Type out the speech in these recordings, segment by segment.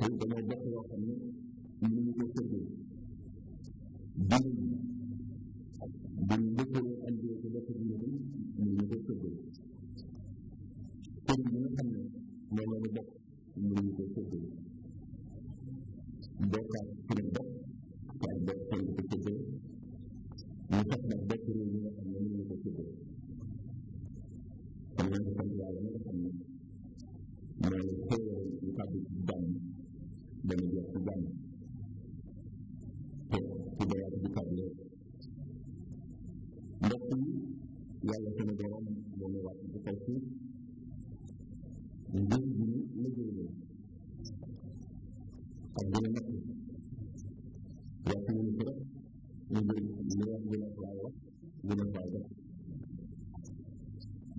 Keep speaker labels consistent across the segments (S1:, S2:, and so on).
S1: kon dañoo bokk yoo xam ne ñu ngi ko tëddee dund bu ndëkkaloo andee ko bokk bi yëngu ñu ngi ko tëddee tëdd bi nga xam ne loolu la bokk ñu ngi ko tëddee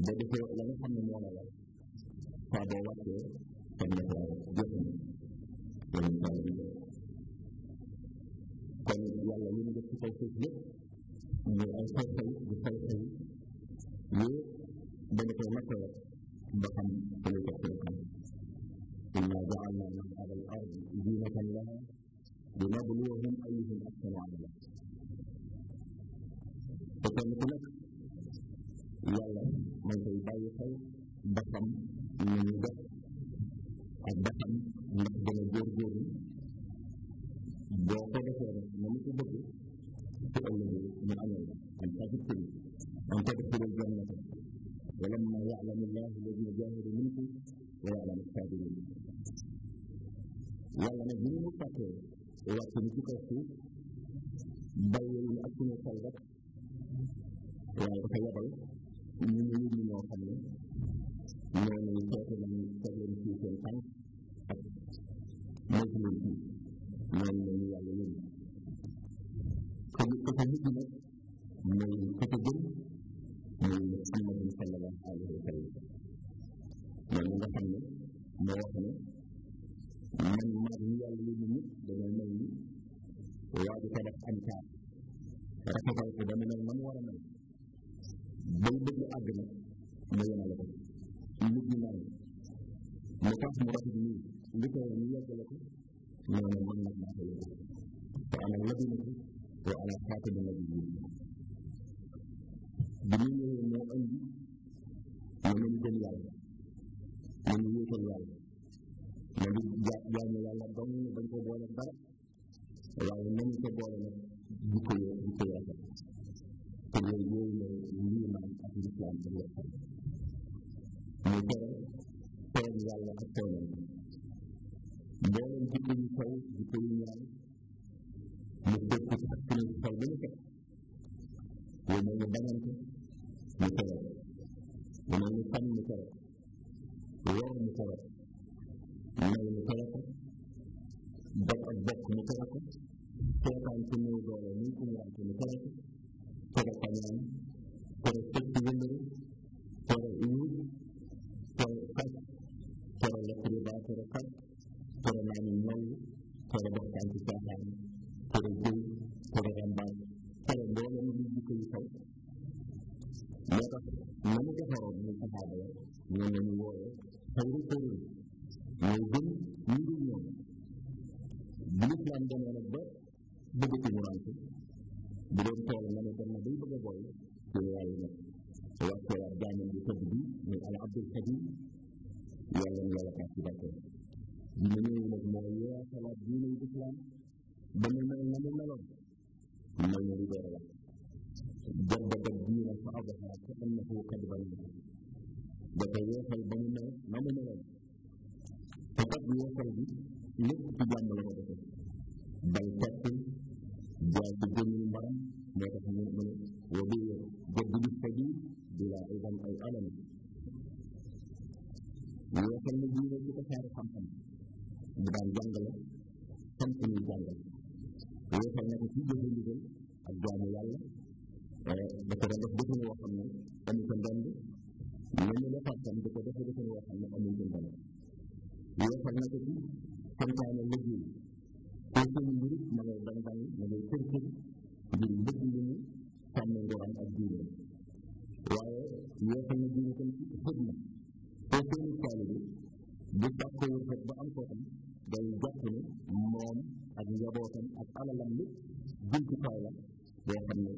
S1: Jadi ulama kan menolak pada waktu pendapat Tuhan yang mengalami dan yang lain juga kita sebut merasa saya besar saya ini bentuk mata bahkan penutup Tuhan إنا جعلنا من على الأرض زينة لها لنبلوهم أيهم أحسن عملا فكان يقول لك يلا dañ koy bàyyi xel ba xam ñu ñu def ak ba xam ndax dana góorgóorlu boo ko defee rek na mu ko bëgg ci ëllëg mu amal am sa victoire am ko def ci jannata ولما يعلم الله الذين جاهدوا منكم ويعلم الصابرين yàlla nag bu mu fàttee wàcc ni ci kaw suuf bàyyil ak suñu xel rek waaye dafa yabal ñu ñu ñu ñoo xam ne ñoo ñu bokk na ñu tegleen ci seen xam ak nekk leen ci ñoo ñu leen yàlla leen ko ñu ko nit ñi nag mooy ko ko jëm mooy muhammadu sallallahu alayhi wa sallam man nga xam ne moo wax ne man mar ñu yàlla leen nit dama mel ni waaju ko def am kaa rafetal ko dama mel na mu war a mel day bëgg àdduna ma yemale ko nit ñu mel mu tax mu rafet ni li ko ñu yeggale ko ñoo ne man nag maa ko yëgg te ana labina ko te ana xaati bi nag yi bi ñu ñëwee moo andi ma ñu gëm yàlla ma ñu wéetal yàlla ma ngi jaamu yàlla dong dañ ko boole dara waaye nañu ko boole nag di ko yëg di ko yàggal تبين لنا الإسلام بالوحدة مثال كان يلا أتانا بين بكل شيء بكل يوم مدة تحكم الصلوات ومن بنت مثال ومن كان مثال غير مثال من مثال دقة دقة مثال شيطان في موضوع ممكن يعني مثال para caminhar, para ser número, para ir, para estar, para a para cá, para dar um para bastante tadi yang menyalakan sifatnya. Di mana yang menyebabkan salat dina itu selam, benar-benar yang menyebabkan menyebabkan menyebabkan Jabatan dina sahaja kerana anda hukum kebalan. Jadi ia kalau benar, nama mana? Tetapi dia kalau ini tidak melihat itu. Bangkit pun jauh lebih menimbang mereka semua. Jadi jadi lebih bila ibadah alam yeesal na diine ci tasaare xam-xam bu ci ko ci jëfe ndigal ak eh, daan def defin xam ne amul ko ndend na ko ci santaane liggéey ma ngay dang dang ma ngay kër kër ngir mbëgg li ñu sàmm ak diine waaye yeesal na diine tam ci xidma talibi di bakku yu xet ba am foofu day jàpp ne moom ak njabootam ak alalam li jumtukaay la boo xam ne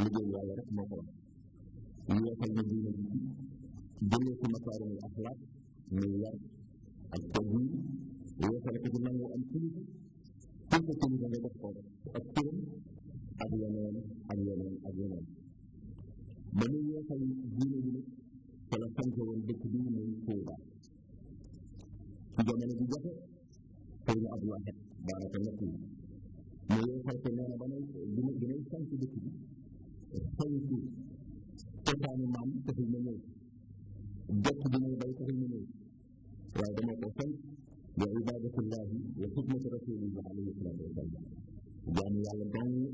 S1: liggéey yàlla rek moo ko wax ñu yokkal ñu diine bi jëlee ci masaaru ñu axlaat ñu yar ak tegg yi yokkale ko ci nangu am kilifa pour que kilifa nga def foofu ak turam ak yeneen ak yeneen ak yeneen ba ñu yokkal diine bi nag Abu ثلاثمته والبكرين الكورة إذا ما نتيجته فإلى أبو واحد بارك الله فيه ما يوصل كنا بني بني سنت بكري سنت تسعة من معمول تسعة من يوم جت بني بيت من يوم وهذا ما قصد وعبادة الله وخدمة رسول الله عليه الصلاة والسلام يعني على الدنيا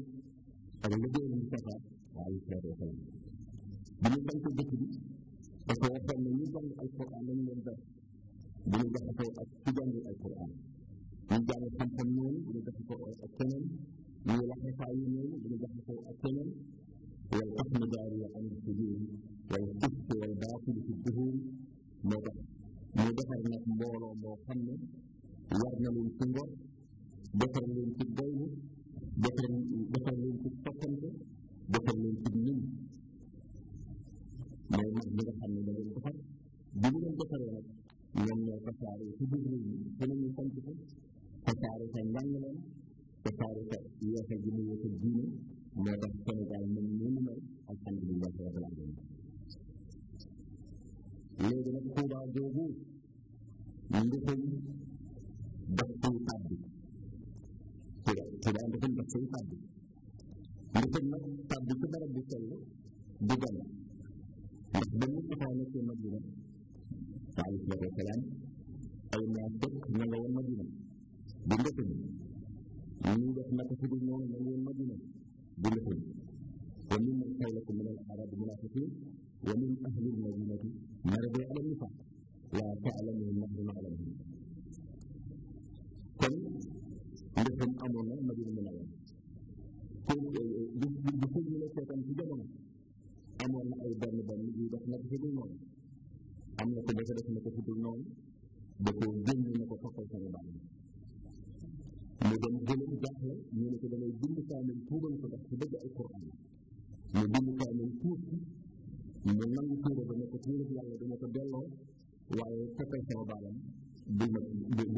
S1: الذي المصطفى عليه الصلاة والسلام بني سنت بكري وسوف نجعل القرآن من الباب بنجاح السجن للقرآن نجعل الخمسمين بنجاح السنن ويلحق عينين بنجاح السنن والحكم جاري عن السجون والكف والباطل في الدهون مدح مدحر نك مولو مو خمنا ورنا لين سنجا دفر لين في الدين دفر لين في السكن دفر لين في النين mooy nag bi nga xam ne da ngeen defar bi ngeen defaree nag ñoom ñoo tasaare ci biir réew mi ci la ñuy sant ko tasaare sa njàngaleem tasaare sa yeesa gi mu yeesa diine moo tax Sénégal mel nii mu mel alhamdulilah rabbil alamin léegi nag Tuubaa googu ndoxum daf koy tàbbi Tuubaa ndoxum daf koy tàbbi ndoxum nag tàbbi ci barab bu sell du gànna بالنسبة لك المدينة عليه الصلاة والسلام أي منافق من المدينة بالنسبة من ما تفيدون من المدينة بالنسبة ومن أهل المدينة مرضوا على النفاق لا تعلمهم نحن نعلمهم كم مدينة من الأعراب بكل من في جبهه amoon na ay benn benn yu def naka si dul noonu am na ku dafa def naka si dul noonu da koo génne ko fokkal sama bàyyi mu dem gëlëm jaaxle ko damay bind kaamil tuubal ko ndax si dëgg ay Quran mu bind kaamil tuub mu nangu tuuba ba ne ko tuurub yàlla ko delloo waaye fokkal sama baalam du ma du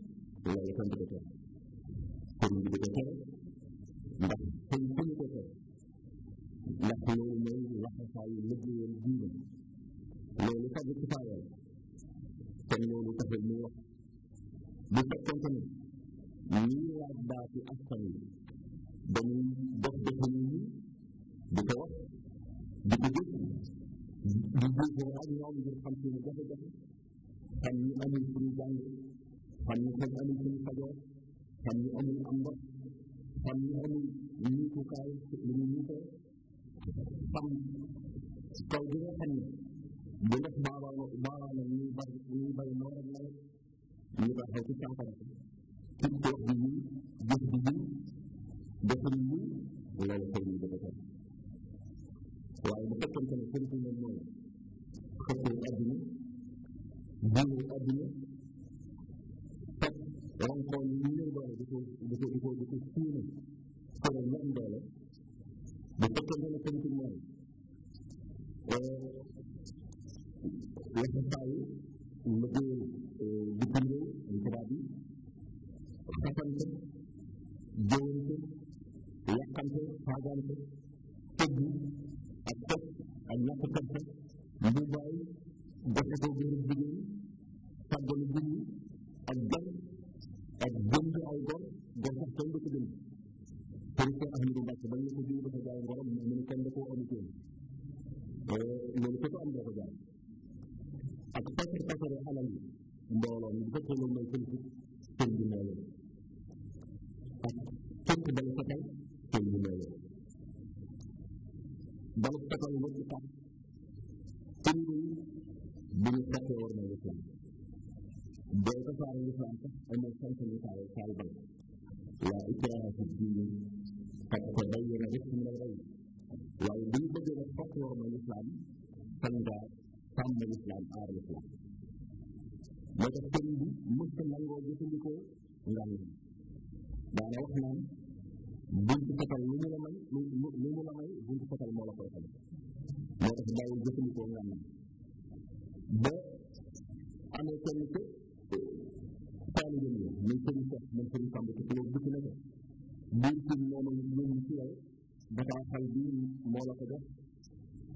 S1: Allah akan berkata. Kami berkata, dah tentu berkata. Nak mahu mahu rasa saya lebih yang dia. Mahu lupa berkata. Kami mahu lupa berkata. Bukan contohnya. Niat bahasa asal. Dan berkata ini. Bukan. Dibuat. Dibuat orang yang berkata. Dibuat orang yang berkata. Dibuat orang yang berkata kami kembali ke saja kami amin ambak kami amin ini kukai ini kita pam kau juga kami boleh bawa bawa ini bagi ini bagi orang lain ini bagi hati campur kita ini jadi betul ini lalu kami berikan lalu berikan kepada kami kepada kami kepada kami kepada kami one for million dollars, which was, which was, which was, which was human, for a one dollar. The second one is something else. Wahai, lebih dipilih berarti akan tu, jauh tu, akan tu, akan tu, tuju, akses, anak tu, Dubai, berapa berbiji, tak berbiji, agak ko dem ko ko am ni ba ko ba ni ko jini ko jaay ngorom ni ni ko ndako am ko euh mo ko am do ko jaay ak ko ko ko re halal mbolo ni ko ko lay ko ko ko ni ma le ak ko ko ba ko tay ko ni ma ba ko ko ni ko ta ko ni ni ni ko ko war na ko ko ko ko ko ko ko ko ko ko ko ko ko ko ko la ikraha fi diin qad tabayyana al-hukmu min al-ghayb waaye bu ñu bëggee nag fokk war moo tax sëriñ bi mës a nangoo jëfandikoo ngam daana wax naan buntu fetal lu mu la may lu mu la may buntu fetal moo la koy xale moo tax bàyyi jëfandikoo ngam ba amee kenn taalibam yi muy sëriñ Cheikh muy sëriñ Samb te ku nekk na ko biir ci noonu yëngu ci yow dafa xal bi moo la ko def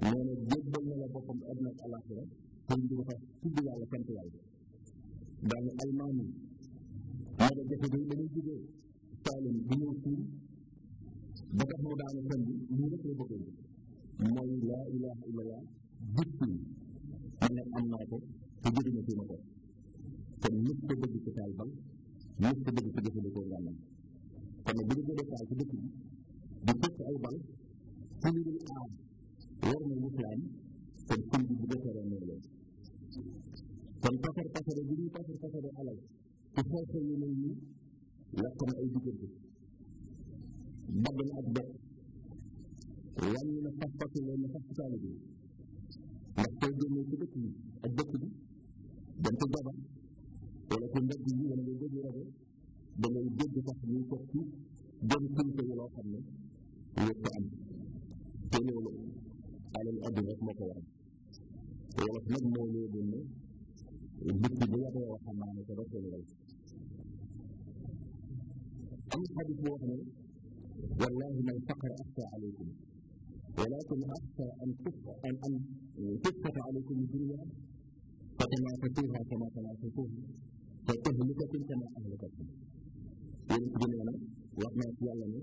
S1: nee na jébbal na la boppam àdduna ak àllaaxira sëñ bi dafa tudd yàlla sant yàlla daal ne almaami ma da jafe day damay jógee Saalum bi ñëw fii ba tax mu daane sëñ bi lii rek la bëggoon mooy laa ilaha illallah gis ci ma ne am naa ko te jëriñu fi ma ko kon ñëpp ko bëgg ci taal bal ñëpp ko bëgg ci jëfandikoo ngànnam kon bu ñu gën a taal ci bi di fekk ay bal ci lu dul aar war na bu defaree noonu la kon pasar bu ñuy pasar na ay diggante dagg na ak bokk wàññi na pas-pasu leen na bi ndax soo génnee ci dëkk bi ak dëkk bi dem ci jabar ولكن نبي يوم من جد رده بما يجد تحمي تحكي جد كل شيء لا حمنا ويطعم جميل على الأرض رحمة وعد ورحمة مولود لنا وبدت بلغة رحمة عنا تبقى الله أم حدث وحنا والله ما الفقر أخفى عليكم ولكن أخفى أن تفقى أن أن تفقى عليكم الدنيا فتماتتوها كما تماتتوها Kata Hulukah itu macam masalah dekat sini. Yang kedua mana? Wakna Tiala ni.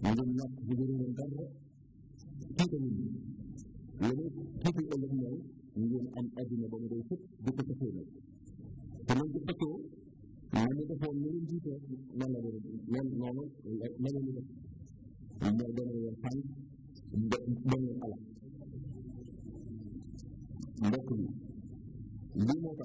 S1: Mungkin nak hidup dengan cara Kita ini. Lalu kita oleh ini. Mungkin anak di nebang rehat. Kita kesehatan. Kalau kita tahu. Mana tu pun mungkin juga. Mana mana mana mana mana mana mana mana mana mana mana mana mana mana mana mana mana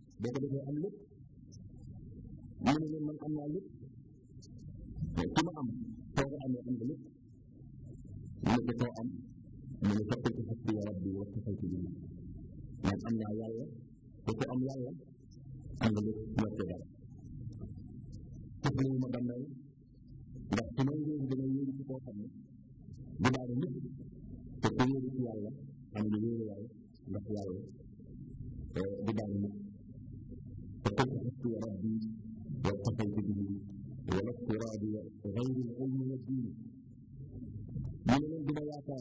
S1: Dia kata saya alif. Mana yang mana kami alif? Cuma am. Saya am yang kami alif. Ini kata am. Ini kata kita hati ya Rabbi. Waktu saya kini. Ini am ya ya. Itu am ya ya. Am alif. Ya saya. Kita lima bandai. Dan cuma ini dengan ini kita kawasan. Bila ada ini. Kita ini di Allah. Am ini di Dia Di Allah. Di Allah. وقل حسبي ربي والتقيت به ولا اقتراب غير العلم والدين من من بما يعطى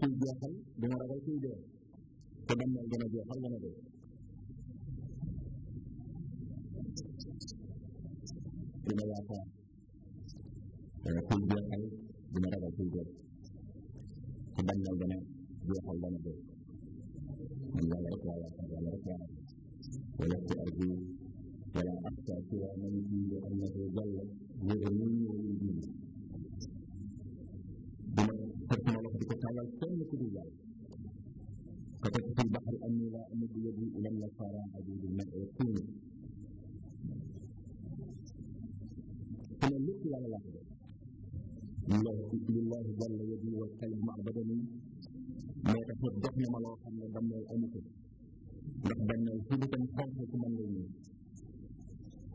S1: كل جاهل بما كل اليه تبنى بما جاهل لنا به بما يعطى كل جاهل بما كل اليه تبنى بما جاهل لنا به الله يرفع الله يرفع ولست أجيب ولا أخشى سوى منزلي لأنه ظل يغنيني ويجيني بما حكم الله بك تعالى الكون كل ذلك كتبت في البحر أني لا أمد يدي إلى النصارى عزيز المرء يكون تملكت اللقي على لحظة لله ظل يدي والقلب مع بدني ما يتحدثني ملاحا لدم الأنفس dan hidupan bangsa kembali ini.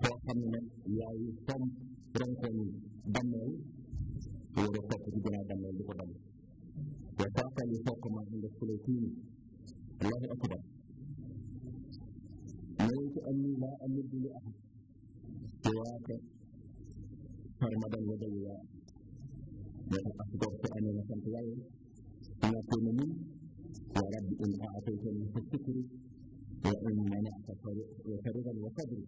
S1: Tuhan yang Tom Rangkon Daniel, Tuhan Rasa Ketiga Daniel di Kodam. Tuhan Rasa yang Tom Kemah Hingga Sekolah Kini, Allah Akbar. Mereka Anni La Anni Bili Ahad, Tuhan Rasa Karmadan Wadawiyah, Mereka Asyidur Tuhan Yang Nasam Tuhan, Tuhan Rasa Nami, Tuhan Rabbi Unha Atau Tuhan Yang وإن منعت وفرغا وقدرا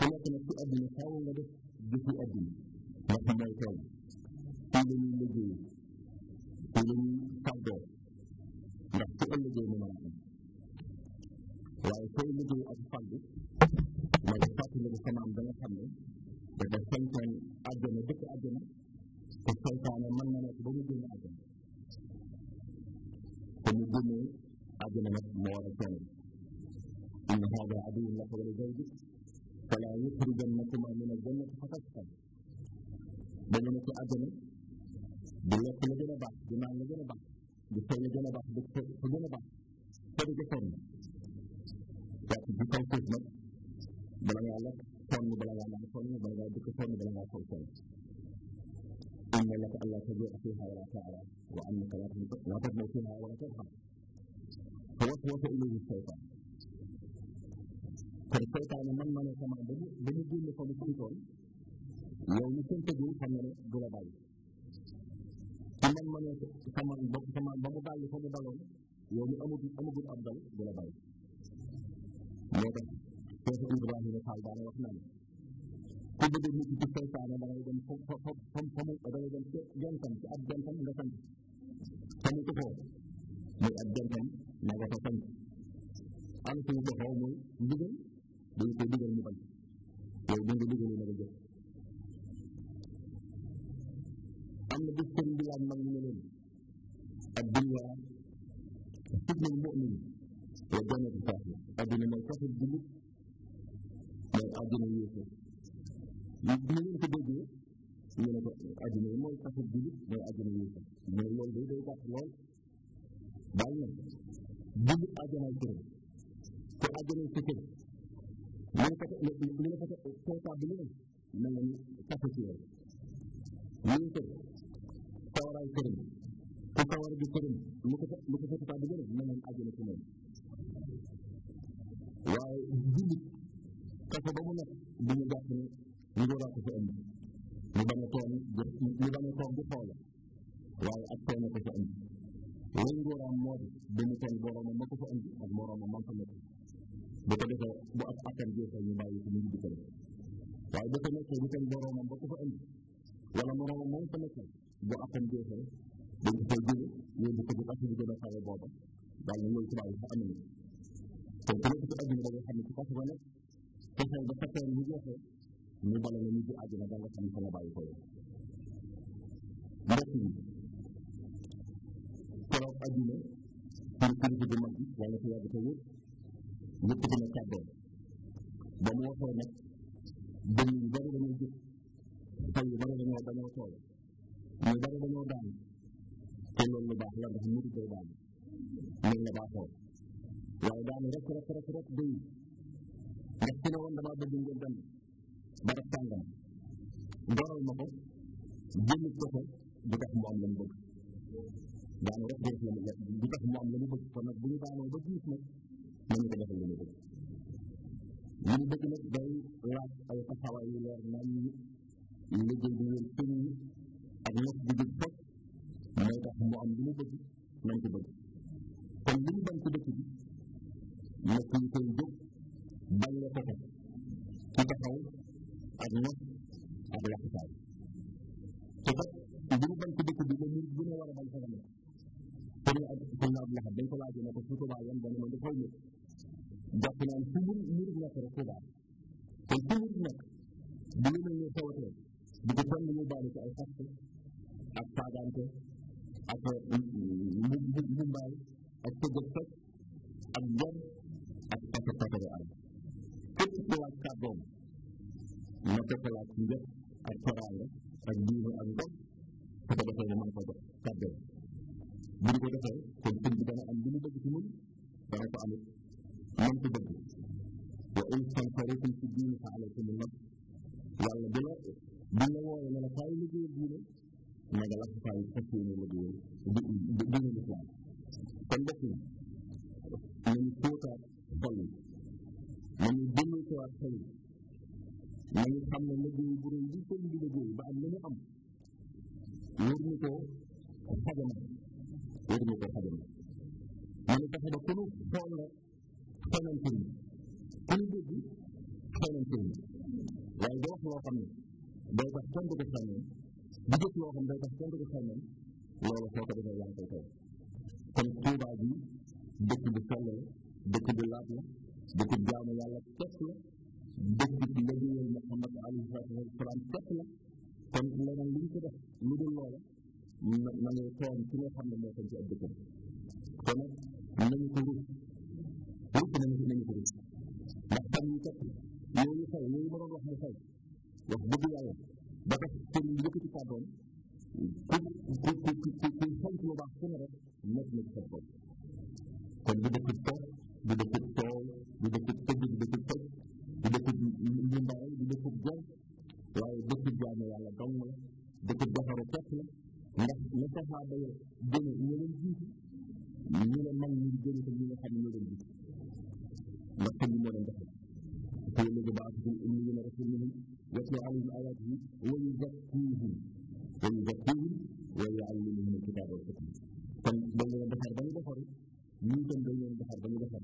S1: كما كانت في أدنى حاول بس بفي أدنى لكن ما يكاد إلى اللجوء إلى الفضل نحكي اللجوء من العالم وأي اللجوء أتفضل ما يفات اللي بسمع عندنا حمل إذا كنت أدنى بك أدنى فالسلطة على من منعت بوجود أدنى te bu génnee àdduna nag moo war a sonn inna haada aduwwun laka wa li zawjika falaa yuxrijannakumaa mina al-jannati fatashqaa dañu ne ko àdduna di lekk la gën a baax di naan la gën a baax di sol la gën a baax di fa gën a baax te du ko sonn parce que ci kaw suuf nag bala ngaa lekk sonn bala ngaa naan sonn bala ngaa dëkk sonn bala ngaa sol sonn أن لك ألا تجوع فيها ولا تعلى وأنك لا تظلم فيها ولا ترحم فوسوس إليه الشيطان فالشيطان من من كما بنقول لك بسيطون yow li seen tëjee xam nga ne du la man ma ne ba mu bàyyi fa mu daloon yow mi amagul amagul ab dal du la bàyyi moo tax Cheikh Ibrahima Fall daana wax naan dubu da mutu sai ta da bayan dan ko ko ko ko ko mun da bayan dan ko yan kan ki abdan kan da kan kan ko ko mai abdan kan na ga kan an ko ko hawo dubu da ko dubu mun kan to dun dubu ne na ga an da kun biya man ne ne abdiya kullu mu'min wa jannatu fa'ala adina man kafir dubu dan adina yusuf ñu leen ko déggee ñu ne ko àddina yi mooy taxut jullit mooy àddina yi sax mais loolu day day gàtt lool daal na jullit àjjanaay këram te àjjanaay sa kër ñu ne ko ko comptable ko kawaraay këram bi këram lu ko lu ko comptable leen waaye jullit kaso ba mu nekk du ñu jàpp ne ñu boobaa ko fi indi ñu bañ a toog ñu bañ a toog di xool waaye ak toog ko fi indi moo di benn tool boroomam ma ko fa indi ak moroomam man fa nekk bu ko defee bu ak akkan jeexee ñu bàyyi bu ko nekkee bu tool fa indi wala bu ko bu ak bu gën a xawee booba daal na loolu tubaab yi fa am na te ku nekk ci àdduna da nga ba nekk te xel bu jeexee mu bala la ñu ci àjjana da nga xam fa nga bàyyi ko yow mbokk yi keroog àjjana pour kilifa bu mag bi wala ko yàgg ko wër yëkkati na kàddoom ba mu waxee nag dënn yu bari dañoo jóg xel yu bari dañoo dañoo tool ñu bari dañoo daan te loolu lu baax la ndax murid day daan loolu la baaxoo waaye daan rek rek rek rek day ndax ku ne woon damaa bëgg ngeen dem barab sàngam goral ma ko jënd ko ko du tax mu am la mu bëgg daanu rek def la mu lekk du tax mu am la mu bëgg kon nag bu ñu daanoo ba tiis nag nañu ko defal la mu bëgg li mu bëgg nag day laaj ay taxawaay yu leer nañ liggéey bi wér tëñ ak nekk bi jub fekk mooy tax mu am li mu bëgg nañ ko bëgg kon li mu bañ ci dëkk bi nekk ñu koy jóg bañ la ko ko ci taxaw ak nag ak laxasaay te kat bu ñu bañ ko dëkk bi la ñu gën a war a bañ fa nekk te ñu ak sëñ dañ ko laajee ne ba ne ma dafay ñëw jàpp naan su mu murid nekk rek ko baax kon su murid nekk bu ñu mënee tawatee di ko kenn ñu baale ci ay ak saagaante ak mu mu mbaay ak tëgg ak jom ak ak ak ak ak ak ak ak na ko xalaat ci ak faranga ak diine ak ndox su ko defee mën ko def kàddu bu ñu ko defee kon sëñ bi dana am li mu bëgg ci ñun dana ko amit man ko bëgg wa in tanfarikum fi diine fa alaykum nas yàlla bu la bu la wooyee ne la kaay liggéeyal diine ne nga lakk kaay fas yéene liggéeyal diine lislaam kon def na nañu fóotaat xol yi nañu dëmee xol yi ñi nga xam ne liggéey bu rëy bi sëñ bi liggéey ba am li am wër ñu ko xajama wër ñu ko xajama mu ne fexe ba ku ñu xool la xoolan sëriñ ku ñu dégg xoolan sëriñ waaye da wax loo xam ne day tax kenn ko xamee di jëf loo xam day tax kenn ko xamee loolu soo ko defee yaa ngi koy kon Tuubaa bi dëkk bu sell la dëkk bu laab la dëkk bu jaamu yàlla képp la dëgg ci liggéeyal Muhammad alayhi salaatu wa salaam képp la kon leneen li ñu ko def lu dul loola na na ngay toon ci nga xam ne moo ko ci ab dëkkam te nag nañu ko rus rus nañu ko nañu ko rus ndax tam ñu topp yooyu xew yooyu ma doon wax mu xew wax dëgg yàlla ba tax kon yëkkati kàddoom ku ku ku ku sant lu baax ku ne rek nekk na ci sa xol kon du dëkkub toog du dëkkub toow du dëkkub tëgg du dëkkub tëj di dëkk bu ndaw di dëkk gor waaye dëkk jaamu yàlla dong la dëkk defaru kepp la ndax la saxaaba ya gëne ñu leen jiitu ñu ne man ñu gëne ko ñi nga xam ñu leen jiitu ndax te ñu moo leen defal هو الذي بعث في الأميين رسولهم يتلو عليهم آياته ويزكيهم ويزكيهم ويعلمهم الكتاب والحكمة كان بين بحر بني بحر ممكن بين بحر بني بحر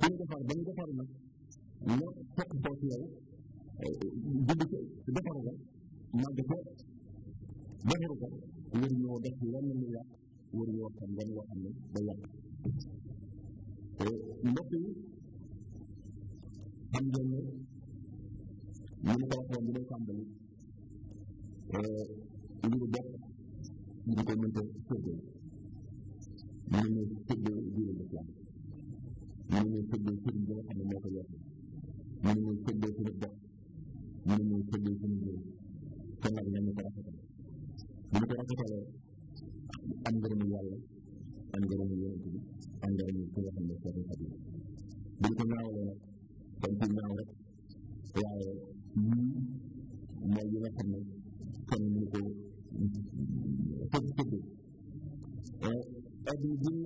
S1: كل بحر بني بحر ñoo fekk koo ci yow euh, jënd ko defaru ko màgg ko def lenn lu yàq waruñoo xam lan loo xam ne da yàq mbokk yi am ne ko waxoon bi may tàmbali mbiru bopp ñu ko mën ko sëddee ñu ne sëddee diine ne sëddee sëriñ bi nga moo ko yokk ñu ñu tebbe ci dox ñu ñu tebbe ci ñu ko la ñu ko rafa ñu ko rafa tawé am ngeen ñu yalla am ngeen ñu yéne ci am ngeen ñu ko wax ñu ko rafa ci bu ko naawé nak tan ci naaw rek waaye ñu mo yi nga xamné kon ñu ko tebbe ci ko euh adu bi ñu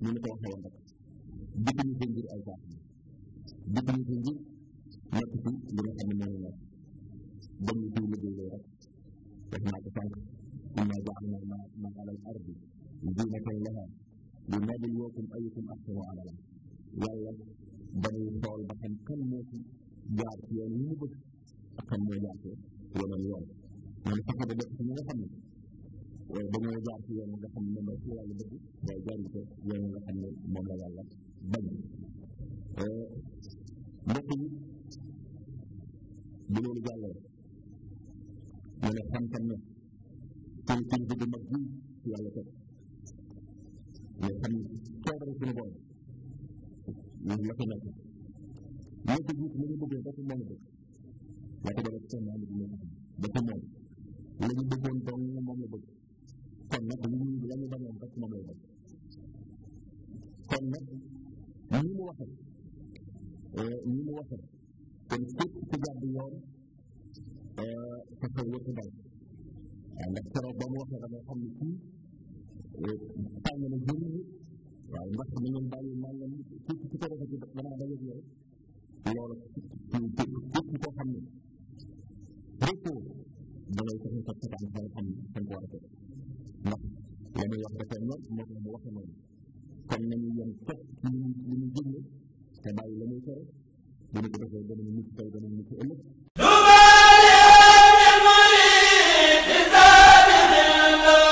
S1: ni ma ko waxee woon rek bëgg ñu ko ngir ay baax bëgg ñu ko ngir nekk ci li nga xam ne moo nekk dañ ñu koy liggéey rek def naa ko sànq inna jaxalna ma ma ala al ardi zinatan laha li nabluwakum ayukum ahsanu amala yàlla dañuy xool ba xam kan moo ci jaar ci yoon yi mu bëgg ak kan moo jaar ci yeneen yoon man fexe ba def ci ñi nga xam ne dañoo jaar ci yoon ci yàlla nga xam ne moom la yàlla bañ eh, mbokk bu loolu jàllee ñu ne xam tam ne seen kilifa bu mag bii ci yàlla ko nekk ñoo ko jiit la ñu bëggoon dafa moom la ko dara ci seen maam bi ñoo moom la ñu bëggoon doon moom la bëgg I'm not believing with anybody at that moment. كنا مين واحد مين واحد تنسيب اتجاه ديار تسويق بعض عندك ترى ضم واحد على حمل فيه تعمل الجنة يعني بس من المال المال كيف تتكلم في بنا على الجنة الله كيف تتحمل ركو بلا يتحمل تبتدع عن هذا الحمل في المباركة ndax la muy wax dafa ñor moo tax mu waxe noonu kon nañu yem topp li ñu li ñu jënd te bàyyi la muy tere bu ñu ko defee danañu mucc tey danañu mucc ëllëg Dubai